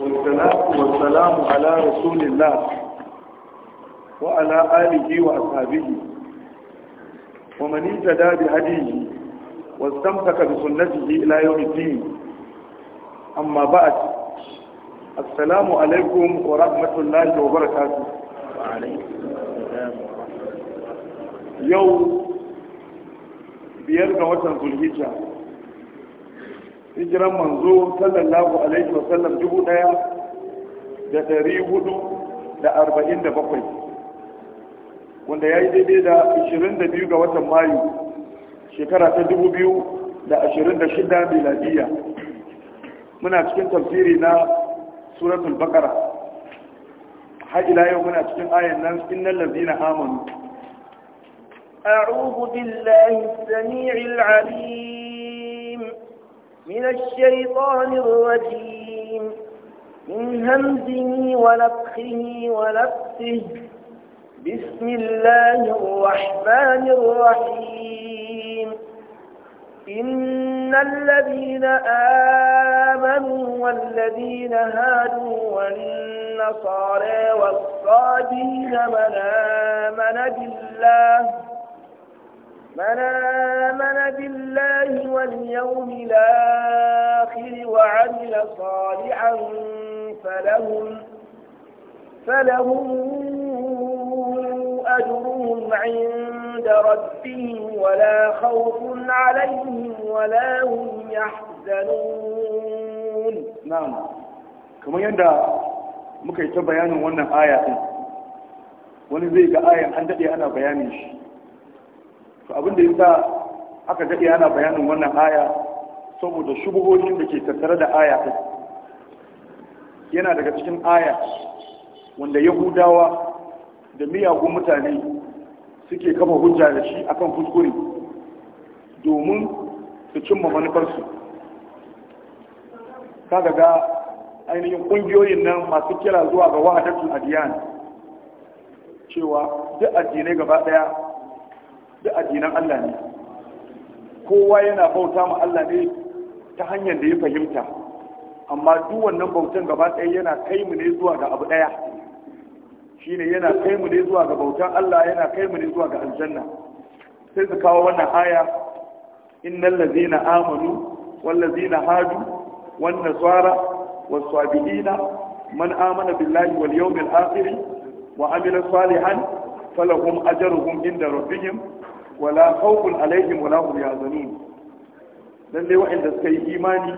والصلاة والسلام على رسول الله وعلى آله وأصحابه ومن اهتدى بهديه واستمسك بسنته إلى يوم الدين أما بعد السلام عليكم ورحمة الله وبركاته وعليكم السلام ورحمة الله يوم بيرجع وطن ذو الهجرة hijiran manzo sallallahu alaihi wa sallam dubu daya da dari hudu da arba'in da bakwai wanda ya yi daidai da ashirin da biyu ga watan mayu shekara ta dubu biyu da ashirin da shida miladiya muna cikin tafsiri na suratul bakara har ila yau muna cikin ayan nan innal ladina amanu أعوذ بالله السميع العليم من الشيطان الرجيم من همزه ونفخه ونفسه بسم الله الرحمن الرحيم إن الذين آمنوا والذين هادوا والنصارى والصابين من آمن بالله من آمن بالله واليوم الآخر وعمل صالحا فلهم فلهم أجرهم عند ربهم ولا خوف عليهم ولا هم يحزنون نعم كما يندى ممكن yi ta bayanin آية aya wani zai to abin da yasa aka dade ana bayanin wannan aya saboda shubuhohin da ke tattare da aya ta yana daga cikin aya wanda yahudawa da miyagun mutane suke kafa hujja da shi akan kuskure domin su cimma manufarsu kaga ga ainihin kungiyoyin nan masu kira zuwa ga wahadatul adiyan cewa duk addinai gaba daya da addinan Allah ne kowa yana bauta ma Allah ne ta hanyar da ya fahimta amma duk wannan bautan gaba ɗaya yana kai mu ne zuwa ga abu ɗaya shine yana kai mu ne zuwa ga bautan Allah yana kai mu ne zuwa ga aljanna sai su kawo wannan aya innal ladzina amanu wal ladzina hadu wan nasara was sabiina man amana billahi wal yawmil akhir wa amila salihan falahum ajruhum inda rabbihim wala khawfun alaihim wala hum dan dai wanda suka yi imani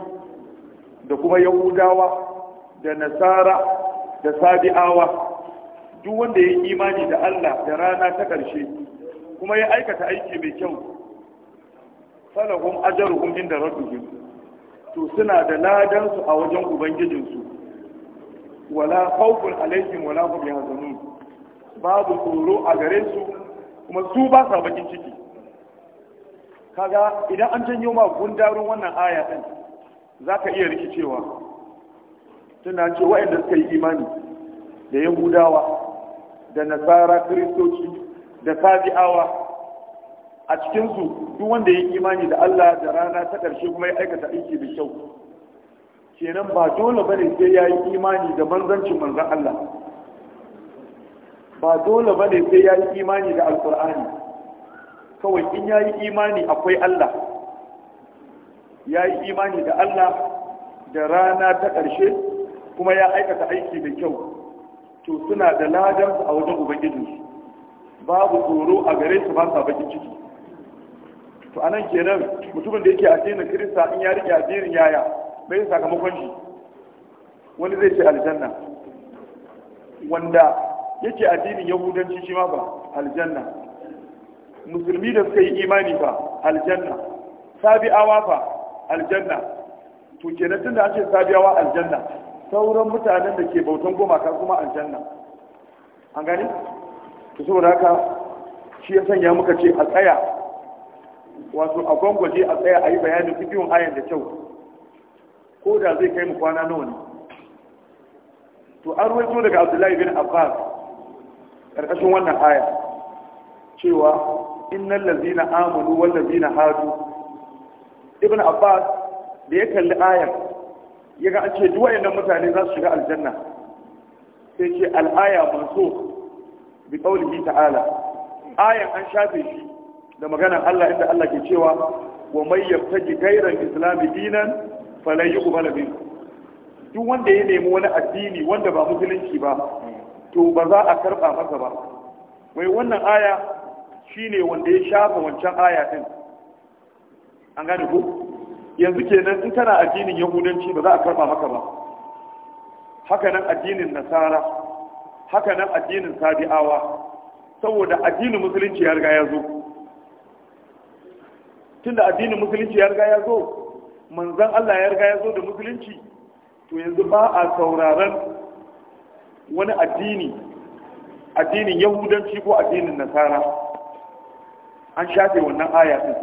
da kuma yahudawa da nasara da sabi'awa duk wanda ya yi imani da Allah da rana ta ƙarshe kuma ya aikata aiki mai kyau falahum ajruhum inda rabbihim to suna da ladan su a wajen ubangijinsu wala haukun alaihim wala hum yahzanun babu tsoro a gare su kuma su ba sa bakin ciki kaga idan an janyo ma gundarun wannan aya din zaka iya rikicewa tunda ce waɗanda suka yi imani da yahudawa da nasara kiristoci, da sabi'awa a cikinsu duk wanda ya yi imani da allah da rana ta ƙarshe kuma ya aikata aiki da kyau kenan ba dole bane sai ya yi imani da manzancin manzan allah ba dole bane sai ya yi imani da alkur'ani kawai in ya yi imani akwai allah ya yi imani da allah da rana ta ƙarshe kuma ya aikata aiki da kyau to suna da ladansu a wajen ubangiji babu tsoro a gare su ba sa bakin ciki to anan kenan mutumin da yake addinin kirista in ya rike addinin yaya bai sakamakon shi wani zai ce aljanna wanda yake addinin yahudanci shi ma ba aljanna musulmi da suka yi imani ba aljanna sabi'awa ba aljanna to kenan tun da ake sabi'awa aljanna sauran mutanen da ke bautan gumaka kuma aljanna an gani to saboda haka shi ya sanya muka ce a tsaya wato a gwangwaje a tsaya a yi bayanin bidiyon ayan da kyau ko da zai kai mu kwana nawa ne to an ruwaito daga abdullahi bin abbas karkashin wannan aya cewa innal ladzina amanu wal ladzina hadu ibn abbas da ya kalli ayar ya ga an ce duk wayannan mutane za su shiga aljanna sai ce al'aya manso bi qaulihi ta'ala ayan an shafe shi da maganar Allah inda Allah ke cewa wa may yabtaji ghayra islami dinan falan yuqbal min duk wanda ya nemi wani addini wanda ba musulunci ba to ba za a karba masa ba wai wannan aya shine wanda ya shafa wancan aya din an gane ku. yanzu kenan in kana addinin yahudanci ba za a karba maka ba haka nan addinin nasara haka nan addinin sabi'awa saboda addinin musulunci ya riga ya zo tunda addinin musulunci ya riga ya zo manzon Allah ya riga ya zo da musulunci to yanzu ba a sauraron wani addini addinin yahudanci ko addinin nasara an shafe wannan aya din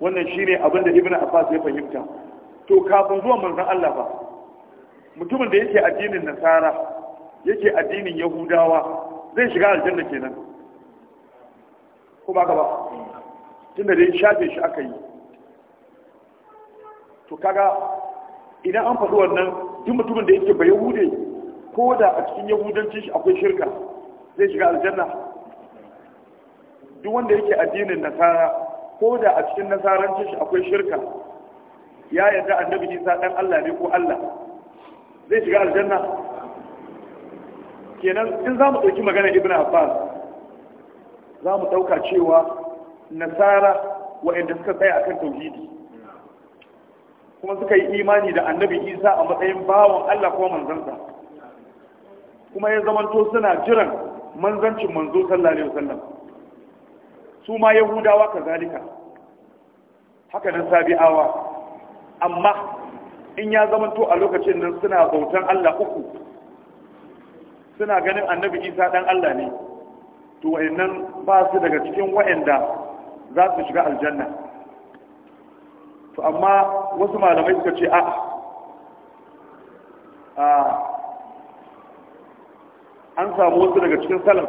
wannan shine abin da ibnu abbas ya fahimta to kafin zuwan manzon Allah ba mutumin da yake addinin nasara yake addinin yahudawa zai shiga aljanna kenan ko ba ka ba tunda dai shafe shi aka yi to kaga idan an faɗi wannan duk mutumin da yake ba yahude ko da a cikin yahudancin shi akwai shirka zai shiga aljanna duk wanda yake addinin nasara ko da a cikin nasarancin shi akwai shirka ya yarda annabi isa dan Allah ne ko Allah zai shiga aljanna kenan in za mu ɗauki magana ibn abbas za mu ɗauka cewa nasara wa'anda suka tsaya akan tauhidi kuma suka yi imani da annabi isa a matsayin bawan allah ko manzansa kuma ya zamanto suna jiran manzancin manzo sallallahu alaihi wasallam su ma yahudawa kazalika haka nan sabi'awa amma in ya zamanto a lokacin nan suna bautan Allah uku suna ganin annabi isa dan Allah ne to wayannan ba su daga cikin wayanda za su shiga aljanna to amma wasu malamai suka ce a. an samu wasu daga cikin salaf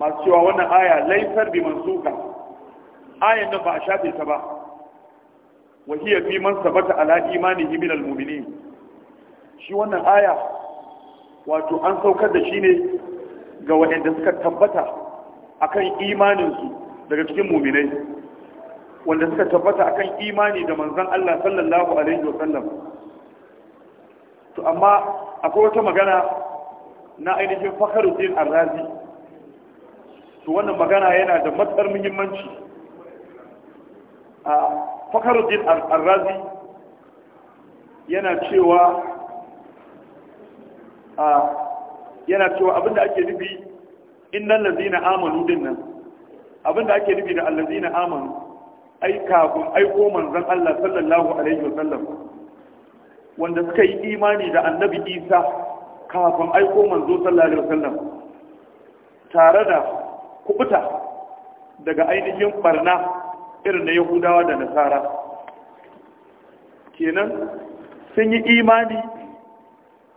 masu cewa wannan aya laifar bi mansuka ayan nan ba a shafe ta ba wa hiya fi man sabata ala imanihi min almu'minin shi wannan aya wato an saukar da shi ne ga waɗanda suka tabbata akan imaninsu daga cikin muminai wanda suka tabbata akan imani da manzon Allah sallallahu alaihi wasallam to amma akwai wata magana na ainihin fakaruddin arrazi to wannan magana yana da matsar muhimmanci a fakaruddin arrazi yana cewa a yana cewa abinda ake nufi innal ladina amanu dinnan abinda ake nufi da allazina amanu ai kafin aiko manzon Allah sallallahu alaihi wasallam wanda suka yi imani da annabi Isa kafin aiko manzo sallallahu alaihi wasallam tare da kubuta daga ainihin barna irin na yahudawa da nasara kenan sun yi imani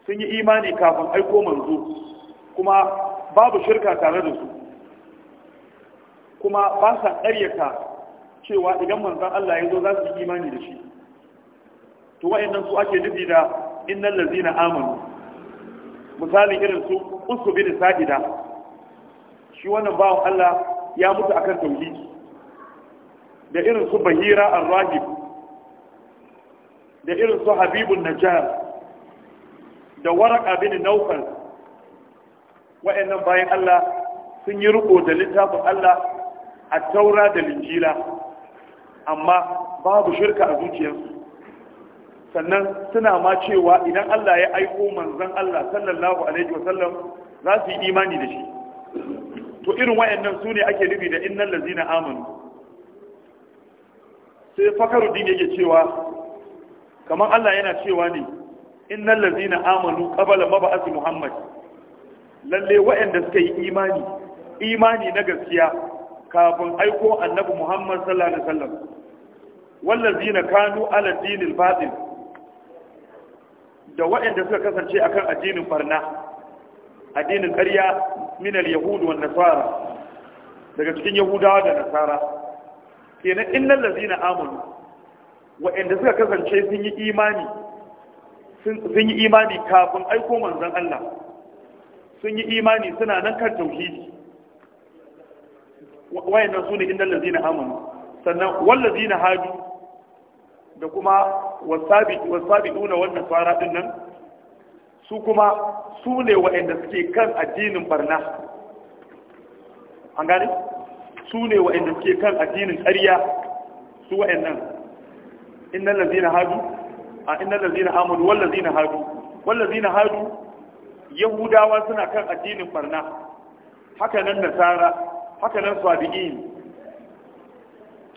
sun yi imani kafin aiko manzo kuma babu shirka tare da su kuma ba sa ƙaryata cewa idan manzan Allah ya zo za su yi imani da shi to wa'annan su ake nufi da innal ladzina amanu misalin irin su usu bin Sa'ida, shi wannan bawan Allah ya mutu akan tauhidi da irin su bahira ar-rahib da irin su habibun najjar da waraka bin naufal wa'annan bayan Allah sun yi riko da littafin Allah a taura da linjila amma babu shirka a zuciyarsu sannan suna ma cewa idan Allah ya aiko manzon Allah sallallahu alaihi wasallam za su yi imani da shi to irin wayannan su ne ake nufi da innal lazina amanu sai fakaruddin yake cewa kamar Allah yana cewa ne innal lazina amanu qabla mab'ath muhammad lalle wayanda suka yi imani imani na gaskiya kafin aiko annabi muhammad sallallahu alaihi wasallam wallazina kanu ala dinil batil da waɗanda suka kasance akan addinin farna addinin ƙarya minal yahudu wan nasara daga cikin yahudawa da nasara kenan innal ladzina amanu waɗanda suka kasance sun yi imani sun yi imani kafin aiko manzon Allah sun yi imani suna nan kan tauhidi wayannan su ne innal ladzina amanu sannan wal ladzina hadu da kuma wasabi'una wannan fara din nan su kuma su ne waɗanda suke kan addinin barna an gane su ne waɗanda suke kan addinin ƙarya su waɗannan innal ladzina hadu a innal ladzina Amadu, wal ladzina hadu wal ladzina hadu yahudawa suna kan addinin barna haka nan nasara haka nan sabi'in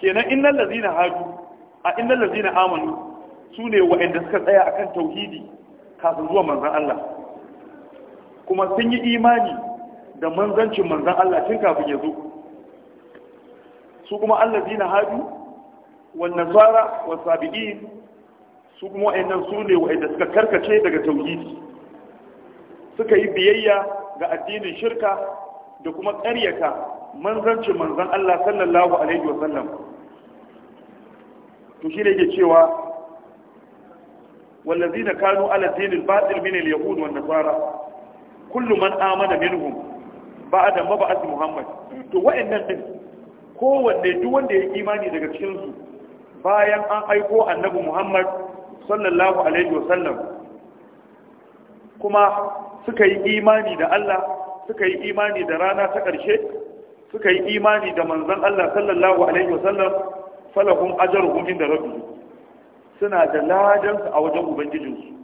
kenan innal ladzina hadu a na amonu amanu ne wa'anda suka tsaya a kan tauhidi kafin zuwa manzan Allah kuma sun yi imani da manzancin manzan Allah tun kafin ya zo su kuma zina hadu wannan nasara wa sabiin su kuma su sune wa'anda suka karkace daga tauhidi suka yi biyayya ga addinin shirka da kuma ƙaryata manzancin manzan Allah sallallahu alaihi wasallam to shi ne yake cewa wallazina kanu ala dinil batil min al-yahud wan nasara kullu man amana minhum ba'da mab'ath muhammad to wa'annan din kowanne duk wanda ya imani daga cikin su bayan an aiko annabi muhammad sallallahu alaihi wasallam kuma suka yi imani da Allah suka yi imani da rana ta ƙarshe suka yi imani da manzon Allah sallallahu alaihi wasallam falakun ajaruhum inda rabu suna da ladansu a wajen ubangijinsu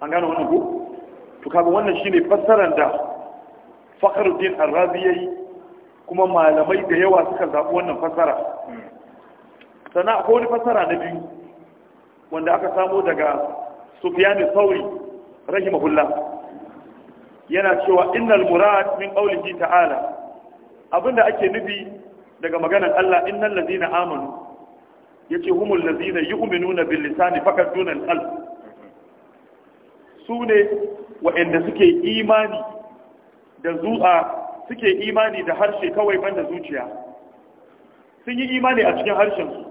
an gano wannan ko to kaga wannan shine fassarar da fakhruddin ar yayi kuma malamai da yawa suka zabi wannan fassara Sana'a ko wani fassara na biyu wanda aka samo daga sufyan al-thawri rahimahullah yana cewa innal murad min qawlihi ta'ala abinda ake nufi daga maganar Allah innal ladina amanu ya yace humul ladina yu'minuna bil lisani fakat dunal qalb su ne waɗanda suke imani da zu'a suke imani da harshe kawai banda zuciya sun yi imani a cikin harshen su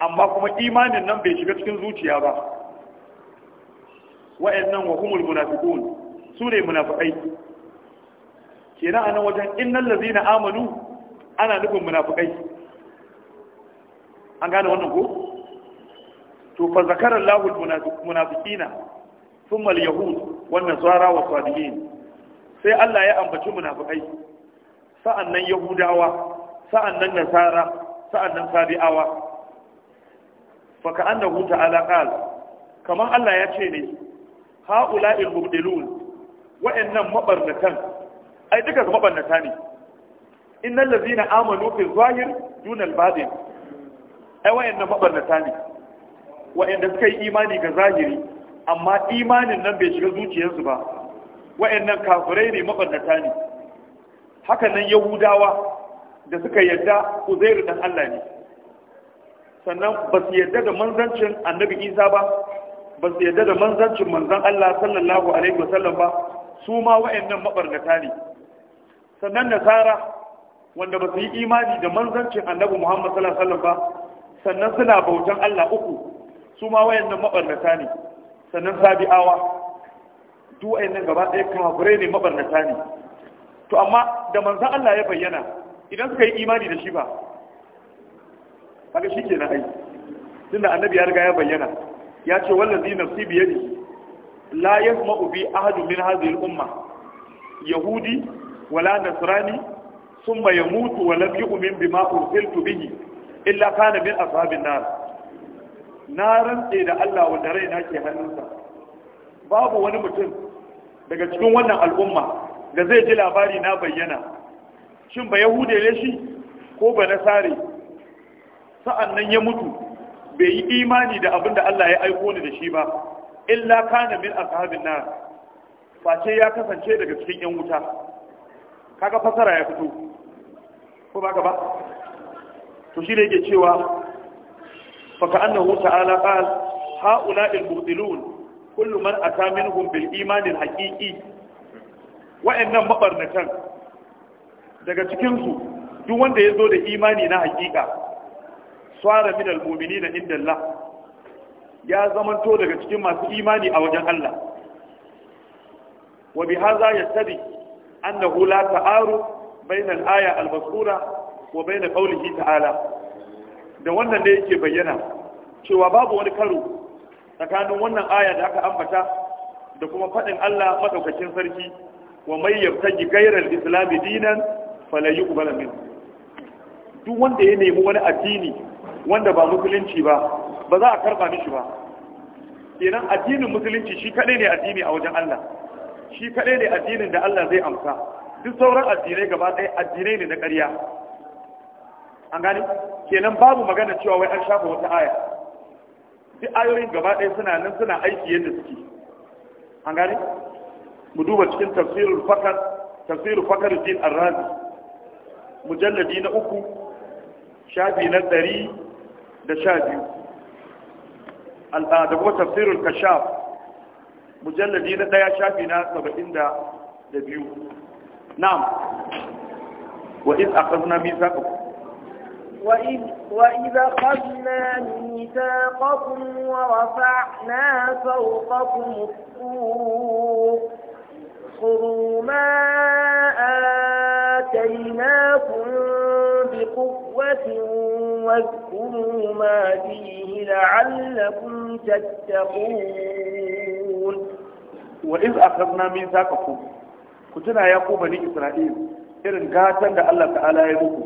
amma kuma imanin nan bai shiga cikin zuciya ba wa'annan wa humul munafiqun su ne munafiqai kenan nan wajen innal ladina amanu ana nufin munafukai an gane wannan ko to fa zakara Allahu munafiqina thumma alyahud yahud an nasara wa sadiqin sai Allah ya ambaci munafukai sa'annan yahudawa sa'annan nasara sa'annan sabi'awa fa annahu ta'ala qal kaman Allah ya ce ne ha'ula'il mubdilun wa'annan mabarnatan ai duka mabarnata ne inna ladina amanu fi zahir dunal badin ai wayannan mabarnata ne wayanda suka yi imani ga zahiri amma imanin nan bai shiga zuciyarsu ba wayannan kafirai ne mabarnata ne haka nan yahudawa da suka yadda uzairu dan Allah ne sannan ba su yadda da manzancin annabi isa ba ba su yadda da manzancin manzan Allah sallallahu alaihi wasallam ba su ma wa'annan mabarnata ne sannan nasara wanda ba su yi imani da manzancin annabi Muhammad sallallahu alaihi wasallam ba sannan suna bautan Allah uku su ma wayannan mabarnata ne sannan sabi'awa duk wayannan gaba ɗaya kafirai ne mabarnata ne to amma da manzon Allah ya bayyana idan suka yi imani da shi ba kaga shikenan ai tunda annabi ya riga ya bayyana ya ce wallazi nafsi biyadi la yasma'u bi ahadun min hadhihi al-umma yahudi wala nasrani ثم يموت ولم يؤمن بما أرسلت به إلا كان من أصحاب النار نارا إلى الله ودرينا كي هنوسا babu wani mutum daga cikin wannan al'umma da zai ji labari na bayyana shin ba yahude ne shi ko ba nasare sa'annan ya mutu bai yi imani da abin da Allah ya aiko ni da shi ba illa kana min ashabin na face ya kasance daga cikin yan wuta kaga fasara ya fito ko ba ba to shi ne yake cewa faka annahu ta'ala qal ha'ula'il mubtilun kullu man ata minhum bil iman al haqiqi wa'annan mabarnatan daga cikin su duk wanda ya zo da imani na hakika swara min al mu'minina inda Allah ya zamanto daga cikin masu imani a wajen Allah wa bi hadha yastadi annahu la ta'aruf بين الآية المذكورة وبين قوله تعالى da wannan ne yake bayyana cewa babu wani karo tsakanin wannan aya da aka ambata da kuma faɗin Allah madaukakin sarki wa mai yabtaji gairar islami dinan falayi ubala duk wanda ya nemi wani addini wanda ba musulunci ba ba za a karba mishi ba kenan addinin musulunci shi kaɗai ne addini a wajen Allah shi kaɗai ne addinin da Allah zai amsa duk sauran addinai gaba ɗaya addinai ne na ƙarya an gani kenan babu magana cewa wai an shafa wata aya duk ayoyin gaba ɗaya suna nan suna aiki yadda suke an gani mu duba cikin tafsirul fakar tafsirul fakar din arrazi mujalladi na uku shafi na ɗari da sha biyu ah, da kuma tafsirul kashaf mujalladi na ɗaya shafi na saba'in da biyu نعم وإذ أخذنا ميثاقكم وإذ, وإذ أخذنا ميثاقكم ورفعنا فوقكم الطور خذوا ما آتيناكم بقوة واذكروا ما فيه لعلكم تتقون وإذ أخذنا ميثاقكم ku tuna ya koma bani isra'il irin gatan da Allah ta'ala ya muku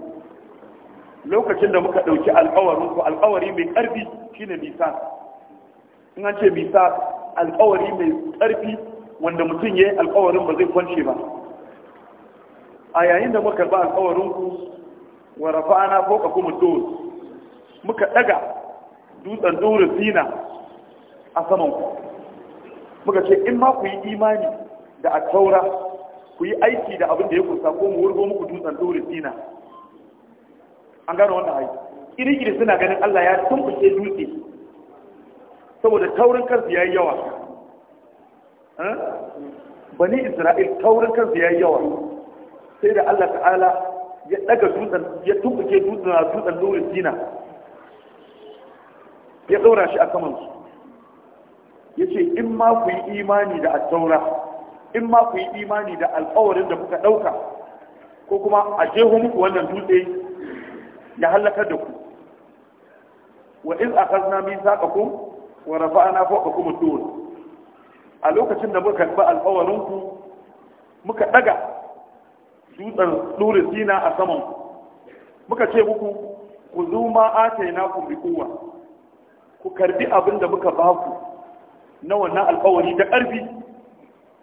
lokacin da muka ɗauki alƙawarin ku alƙawari mai ƙarfi shine bisa. in an ce bisa, alƙawari mai ƙarfi wanda mutum yayi alƙawarin ba zai kwance ba a yayin da muka ba alƙawarin ku wa rafa'ana ko kum ad muka ɗaga dutsen dur sina a saman ku muka ce in ma ku yi imani da a taura ku yi aiki da abin da ya kusa ko mu wurgo muku dutsen dole sina an gano wanda aiki iri-iri suna ganin Allah ya tumbuke dutse saboda taurin kansu ya yi yawa eh? bani isra'il taurin kansu ya yi yawa sai da Allah ta'ala ya daga dutsen ya tumbuke dutsen a dutsen dole sina ya ɗaura shi a samansu ya ce in ma ku yi imani da a taura. in ma ku yi imani da alƙawarin da kuka ɗauka ko kuma a jeho muku wannan dutse ya halakar da ku wa iz akhadna mithaqakum wa rafa'na fawqakum kuma tur a lokacin da muka ba alƙawarin ku muka daga dutsen dure sina a saman muka ce muku ku zo ma ataina ku bi kuwa ku karbi abin da muka ba ku na wannan alƙawari da ƙarfi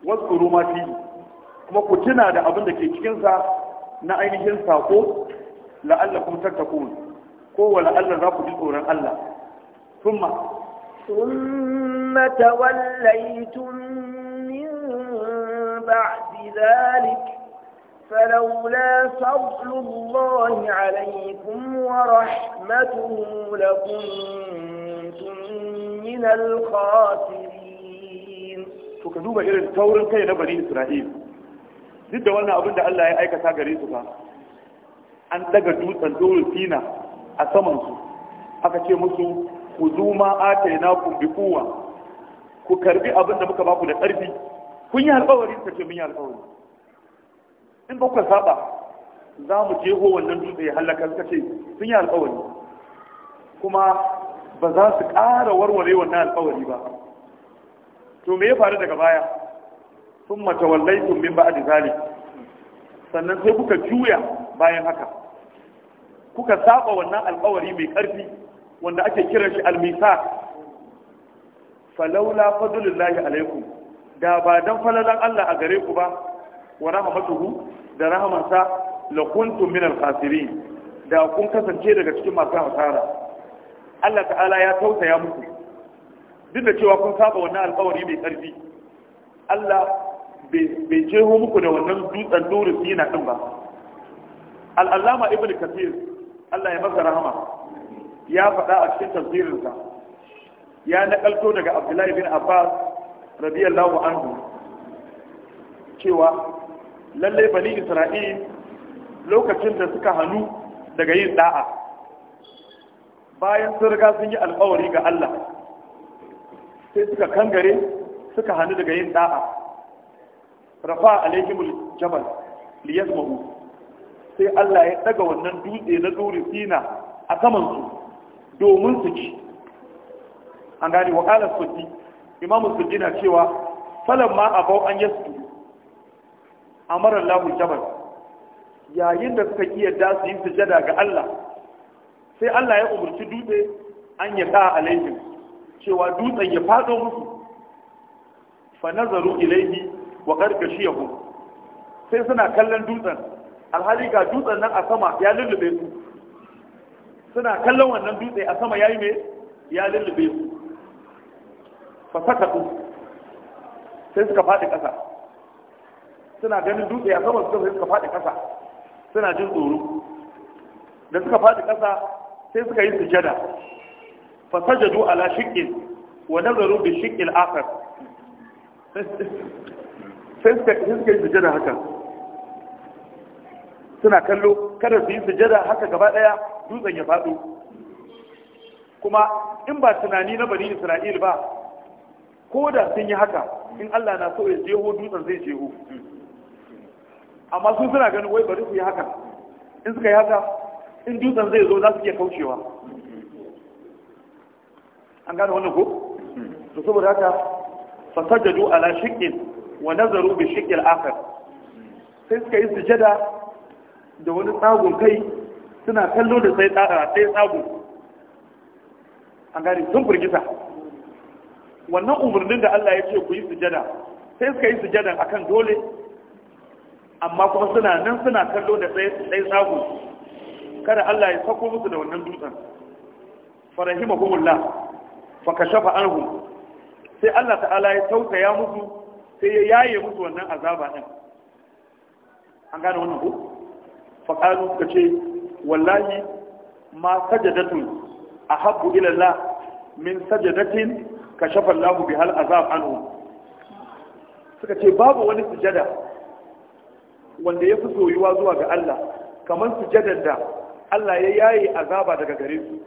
واذكروا ما فيه كما قلتنا هذا أبن ذلك كنسا نأين جنسا قو لألكم تتكون قو لألا رب جزورا ألا ثم ثم توليتم من بعد ذلك فلولا فضل الله عليكم ورحمته لكنتم من الخاسرين to ka duba irin taurin kai na bani isra'il duk da wannan abin da Allah ya aikata gare su ba an daga dutsen dole fina a saman su aka ce musu ku zuma atayna ku bi kowa, ku karbi abin da muka ba ku da karfi kun yi alƙawari ta ce mun yi alƙawari in ba ku saba za mu jeho wannan dutse ya halaka suka ce sun yi alƙawari kuma ba za su ƙara warware wannan alƙawari ba to me ya faru daga baya sun matawallai sun min ba'ad zalik sannan sai kuka juya bayan haka kuka saba wannan alƙawari mai ƙarfi wanda ake kiran shi almisa falaula fadlullahi alaikum da ba dan falalan Allah a gare ku ba wa rahmatuhu da rahmansa la kuntum min da kun kasance daga cikin masu hasara Allah ta'ala ya tausaya muku duk da cewa kun saba wannan alkawari mai ƙarfi, Allah bai jeho muku da wannan dutsen nurin na din ba al'allama ibn kafir Allah ya masa rahama ya faɗa a cikin tafsirinsa ya nakalto daga abdullahi bin abbas radiyallahu anhu cewa lallai bani isra'il lokacin da suka hannu daga yin ɗa'a. bayan sun riga sun yi alkawari ga Allah sai suka kangare suka hannu daga yin da'a rafa alaihimul jabal mahu sai Allah ya daga wannan dutse na tsori sina a samansu domin su ci an gane wa qala sufi imamu sufi na cewa ma a bau an a amara Allahu jabal yayin da suka iya da su yi sujada ga Allah sai Allah ya umarci dutse an ya a laifin. cewa dutsen ya fado musu fa nazaru ilaihi wa karkashiyahu sai suna kallon dutsen alhali ga dutsen nan a sama ya lullube su suna kallon wannan dutse a sama yayi me ya lullube su fa sakatu sai suka fadi kasa suna ganin dutse a sama suka suka fadi kasa suna jin tsoro da suka fadi kasa sai suka yi sujada fasajadu ala shiqqin wa nazaru bi shiqqil akhar sai suka yi sujada haka suna kallo kada su yi sujada haka gaba daya dutsen ya faɗo kuma in ba tunani na bani isra'il ba ko da sun yi haka in allah na so ya jeho dutsen zai jeho amma su suna ganin wai bari su yi haka in suka yi haka in dutsen zai zo za su iya kaucewa an gane wannan ko to saboda haka fasajjadu ala shiƙin wa nazaru bi shiqqil akhar sai suka yi sujada da wani tsagun kai suna kallo da sai sai tsagun an gane sun furgita wannan umarnin da Allah ya ce ku yi sujada sai suka yi sujada akan dole amma kuma suna nan suna kallo da sai tsagun kada Allah ya sako musu da wannan dutsen farahimahumullah fa anhu sai Allah ta'ala ya tausaya musu sai ya yaye musu wannan azaba din an gane wannan ko fa kalu kace wallahi ma sajadatu ahabbu ila Allah min sajadatin kashafa Allah hal azab anhu suka ce babu wani sujada wanda ya fi soyuwa zuwa ga Allah kamar sujadar da Allah ya yaye azaba daga gare su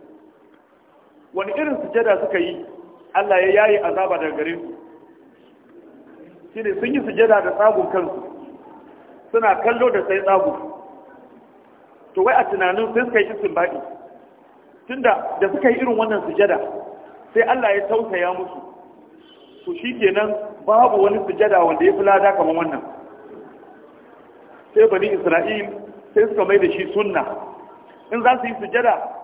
wani irin sujada suka yi Allah ya yayi azaba daga gare su shine sun yi sujada da tsagun kansu suna kallo da sai tsagu to wai a tunanin sai suka yi baɗi. tunda da suka yi irin wannan sujada sai Allah ya tausaya musu to nan babu wani sujada wanda ya fi lada kamar wannan sai bani Isra'il sai suka mai da shi sunna in za su yi sujada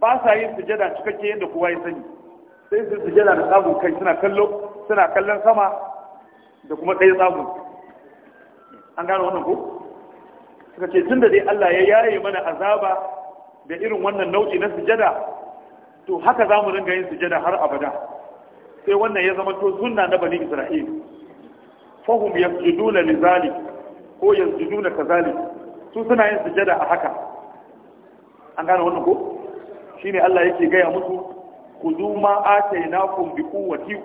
ba sa yin sujada cikakke yadda kowa ya sani sai su sujada da tsagun kai suna kallo suna kallon sama da kuma ɗaya tsagun an gano wannan ko suka ce tun da dai Allah ya yaye mana azaba da irin wannan nau'i na sujada to haka za mu ringa yin sujada har abada sai wannan ya zama to sunna na bani isra'il fahum yasjuduna zalik ko yasjuduna kazalik su suna yin sujada a haka an gano wannan ko shine Allah yake gaya musu khudhu ma atainakum bi quwwati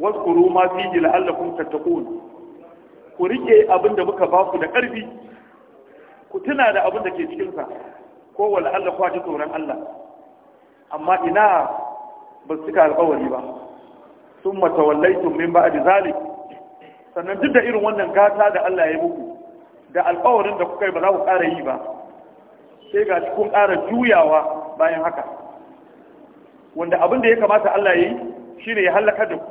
wazkuru ma fihi la'allakum tattaqun ku rike abinda muka muka baku da karfi ku tuna da abinda ke cikin sa ko wala Allah ku ji tsoron Allah amma ina ba su ka alƙawari ba summa tawallaytum min ba'di zalik sannan duk da irin wannan gata da Allah ya yi muku da alƙawarin da kuka yi ba za ku ƙara yi ba sai ga kun ƙara juyawa bayan haka wanda abin da ya kamata Allah ya yi shi ne ya hallaka da ku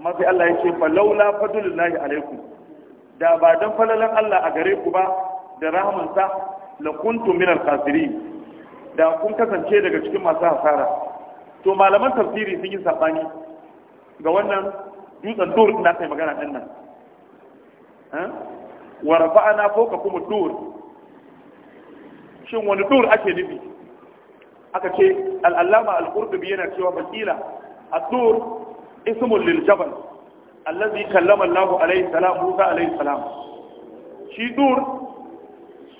amma sai Allah ya ce falaula fadlullahi alaikum da ba dan falalan Allah a gare ku ba da rahamansa la kuntum minar kasiri. da kun kasance daga cikin masu hasara to malaman tafsiri sun yi sabani ga wannan dutsen dur na kai magana din nan eh? wa rafa'ana fawqa kum dur shin wani dur ake nufi aka ce al'allama al yana cewa bakila at-tur ismul lil allazi kallama Allah alaihi salam Musa alaihi salam shi dur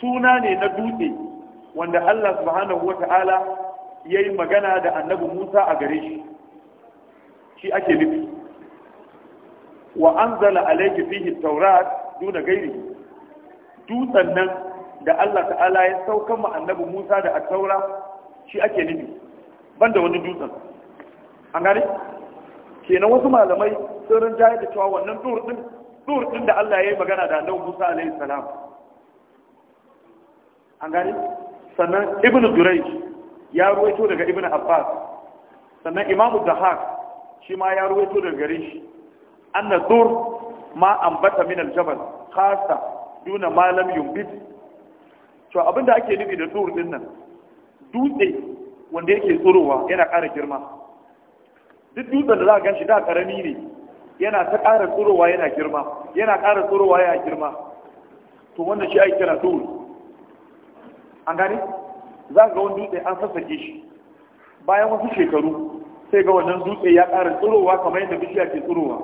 suna ne na dutse wanda Allah subhanahu ya yayi magana da annabi Musa a gare shi shi ake nufi wa anzala alayka fihi taurat duna gairi dutsen nan da Allah ta'ala ya sauka ma annabi Musa da a taura shi ake nufi ban da wani dutsen an Ke kenan wasu malamai sun rinjaye da cewa wannan durdin durdin da Allah ya yi magana da annabi Musa alaihi salam an gani? sannan ibn Durayj ya ruwaito daga ibn Abbas sannan Imam Dahak shi ma ya ruwaito daga gare shi anna dur ma ambata min al-jabal khasa duna malam yumbit to abinda ake nufi da dur din nan dutse wanda yake tsorowa yana ƙara girma duk dutsen da za a gan shi da ƙarami ne yana ta ƙara tsorowa yana girma yana ƙara tsorowa yana girma to wannan shi ake kira dole an gane za ga wani dutse an sassake shi bayan wasu shekaru sai ga wannan dutse ya ƙara tsorowa kamar yadda bishiya ke tsorowa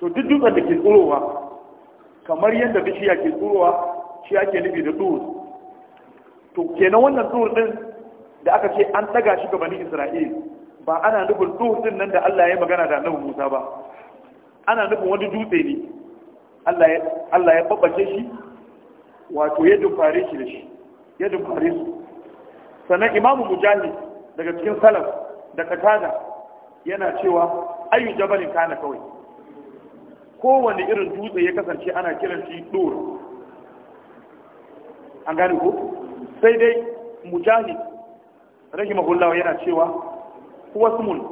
to duk dutsen da ke tsorowa kamar yadda bishiya ke tsorowa shi ake nufi da dole to kenan wannan tur din da aka ce an daga shi ga bani Isra'ila ba ana nufin tur din nan da Allah ya magana da annabi Musa ba ana nufin wani dutse ne Allah ya Allah ya babbace shi wato ya dumfare shi da shi ya dumfare su sannan Imam mujahid daga cikin salaf da katada yana cewa ayu jabalin kana kawai kowane irin dutse ya kasance ana kiran shi dur an gane ko sai dai mujahid rahimahullahu yana cewa huwa sumun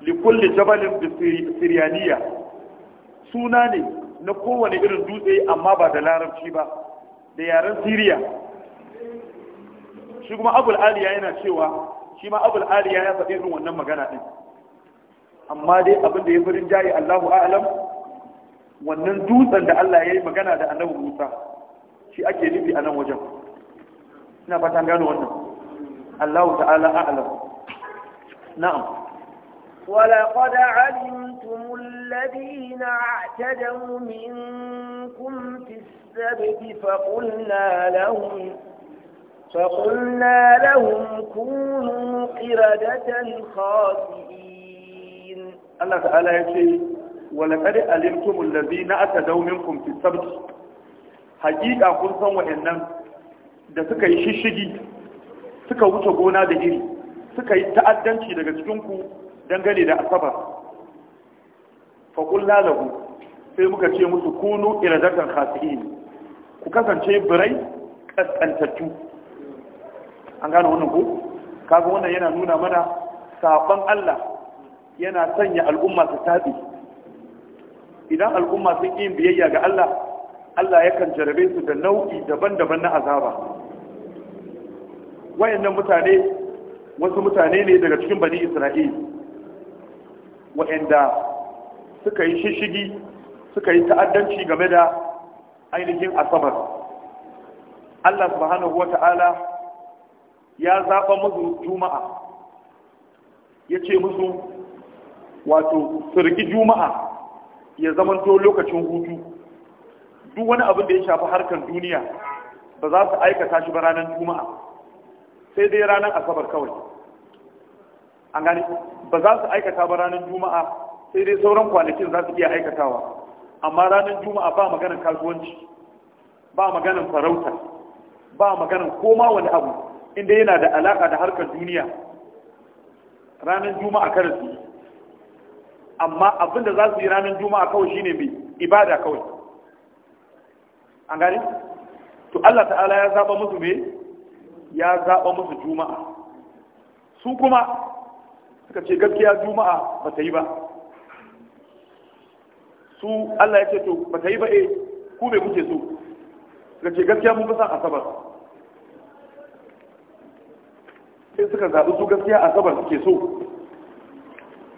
li da jabalin siriyaniya suna ne na kowane irin dutse amma ba da larabci ba da yaren siriya shi kuma abul aliya yana cewa shi ma abul aliya ya faɗi irin wannan magana din amma dai abin da ya fi jayi Allahu A'alam, wannan dutsen da Allah ya yi magana da annabi Musa shi ake nufi a nan wajen ina fatan gano wannan Allahu ta'ala a'lam na'am ولقد علمتم الذين اعتدوا منكم في السبت فقلنا لهم فقلنا لهم كونوا قردة خاسئين الله تعالى يقول ولقد علمتم الذين اعتدوا منكم في السبت حقيقة كنتم وإنهم da suka yi shishigi suka wuce gona da iri suka yi ta'addanci daga cikinku dangane da asabar faƙul lalahu sai muka ce musu kunu iradatan khasi'in ku kasance birai ƙasƙantattu an gane wannan ko kaga wannan yana nuna mana saɓon Allah yana sanya al'umma su taɓi idan al'umma sun yi biyayya ga Allah Allah yakan jarabe su da nau'i daban-daban na azaba wayannan mutane wasu mutane ne daga cikin bani isra'il wayanda suka yi shishigi suka yi ta'addanci game da ainihin asabar Allah subhanahu wata'ala ya zaɓa musu juma'a ya ce musu wato sirgi juma'a ya zamanto lokacin hutu duk wani abin da ya shafi harkar duniya ba za su aikata shi ba ranar juma'a sai dai ranar asabar kawai an gani ba za su aikata ba ranar juma'a sai dai sauran kwanakin za su iya aikatawa amma ranar juma'a ba maganar kasuwanci ba maganar farauta ba maganar koma wani abu inda yana da alaka da harkar duniya ranar juma'a kada su yi amma da za su yi ranar juma'a kawai shine mai ibada kawai an gani to Allah ta'ala ya zaba musu mai ya zaɓa musu juma'a su kuma suka ce gaskiya juma'a ba ta yi ba su Allah ya ce to ba ta yi ba e ku bai kuke so suka ce gaskiya mun fi san asabar sai suka zaɓi su gaskiya asabar suke so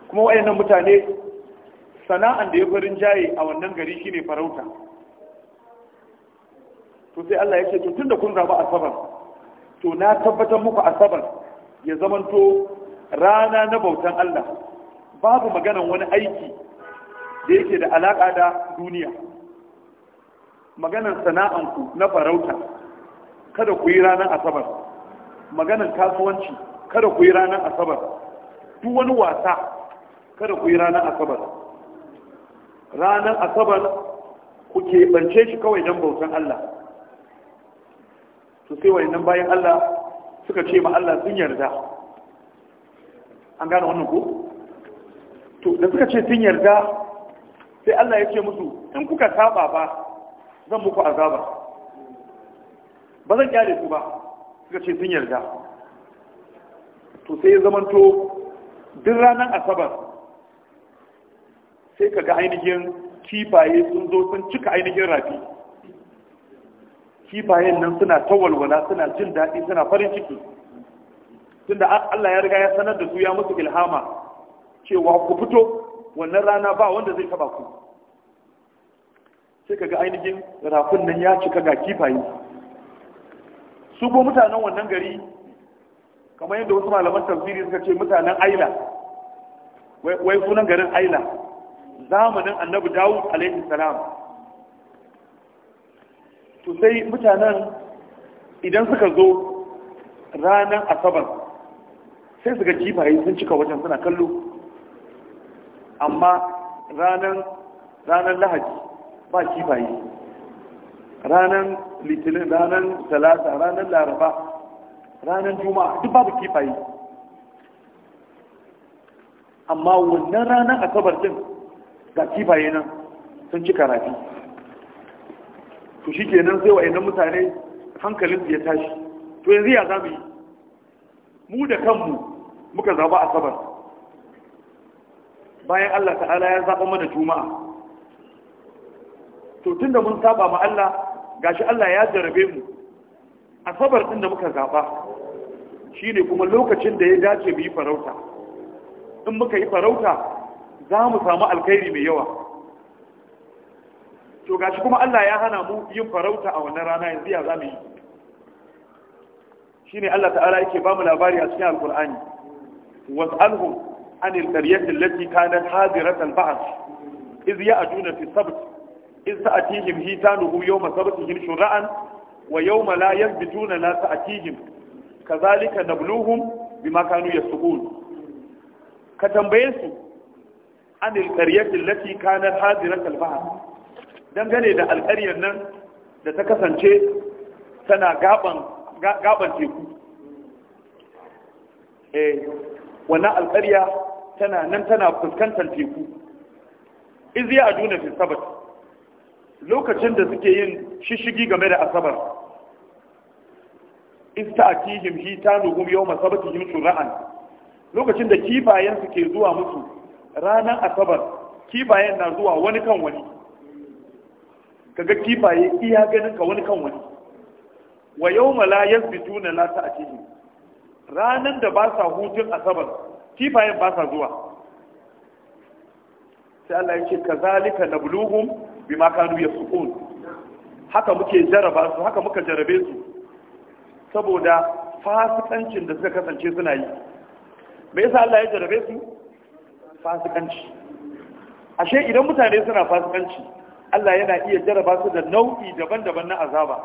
kuma waɗannan mutane sana'an da ya farin jaye a wannan gari shine farauta to sai Allah ya ce to da kun zaɓi asabar to na tabbatar muku asabar ya zamanto rana na bautan Allah babu maganan wani aiki da yake da alaƙa da duniya maganan sana'anku na farauta kada ku yi ranar asabar maganan kasuwanci kada ku yi ranar asabar duk wani wasa kada ku yi ranar asabar ranar asabar ku keɓance shi kawai don bautan Allah to sai nan bayan Allah suka ce ma Allah sun yarda an gane wannan ko to da suka ce sun yarda sai Allah ya ce musu in kuka saba ba zan muku azaba ba zan kyale su ba suka ce sun yarda to sai ya zamanto duk ranar asabar sai ka ga ainihin kifaye sun zo sun cika ainihin rafi kifayen nan suna tawalwala suna jin daɗi suna farin ciki tunda Allah ya riga ya sanar da su ya musu ilhama cewa ku fito wannan rana ba wanda zai taba ku sai kaga ainihin rafin nan ya cika ga kifaye su ko mutanen wannan gari kamar yadda wasu malaman tafsiri suka ce mutanen aila wai sunan garin aila zamanin annabi dawud alaihi salam to sai mutanen idan suka zo ranar asabar sai su ga kifaye sun cika wajen suna kallo amma ranar lahaji ba kifaye ranar litinin ranar talata ranar laraba ranar juma'a duk babu kifaye amma wannan ranar asabar din ga kifaye nan sun cika rafi to shi kenan sai wa'annan mutane hankalin su ya tashi to yanzu ya zama yi mu da kanmu muka zaba asabar bayan Allah ta'ala ya zaba mana juma'a to tunda mun saba ma Allah gashi Allah ya jarabe mu asabar ɗin da muka zaba ne kuma lokacin da ya dace mu yi farauta in muka yi farauta za mu samu alkhairi mai yawa to gashi kuma Allah ya hana mu yin farauta a wannan rana yanzu ya zamu yi shine Allah ta'ala yake ba mu labari a cikin alqur'ani was'alhum anil qaryati allati kanat hadirat al-ba'd iz ya'duna fi sabt iz ta'tihim hitanuhu yawma sabtihim shura'an wa yawma la yanbituna la ta'tihim kazalika nabluhum bima kanu yasqun ka tambaye su anil qaryati allati kanat hadirat al dangane da alƙaryar nan da ta kasance tana gaban teku eh wannan alƙarya tana nan tana fuskantar teku izi a duna fi sabar lokacin da suke yin shishigi game da asabar ista akihim hitanuhum yawma yin shura'an lokacin da kifayen suke ke zuwa musu ranar asabar kifayen na zuwa wani kan wani ka ga kifaye iya ganin ka wani kan wani wa yau mala ya fito na lata a cikin ranar da ba sa hutun asabar kifayen ba sa zuwa sai Allah ya ce ka zalika na buluhun bi makanu ya haka muke jaraba su haka muka jarabe su saboda fasikancin da suka kasance suna yi me yasa Allah ya jarabe su fasikanci ashe idan mutane suna fasikanci Allah yana iya jaraba su da nau'i daban-daban na azaba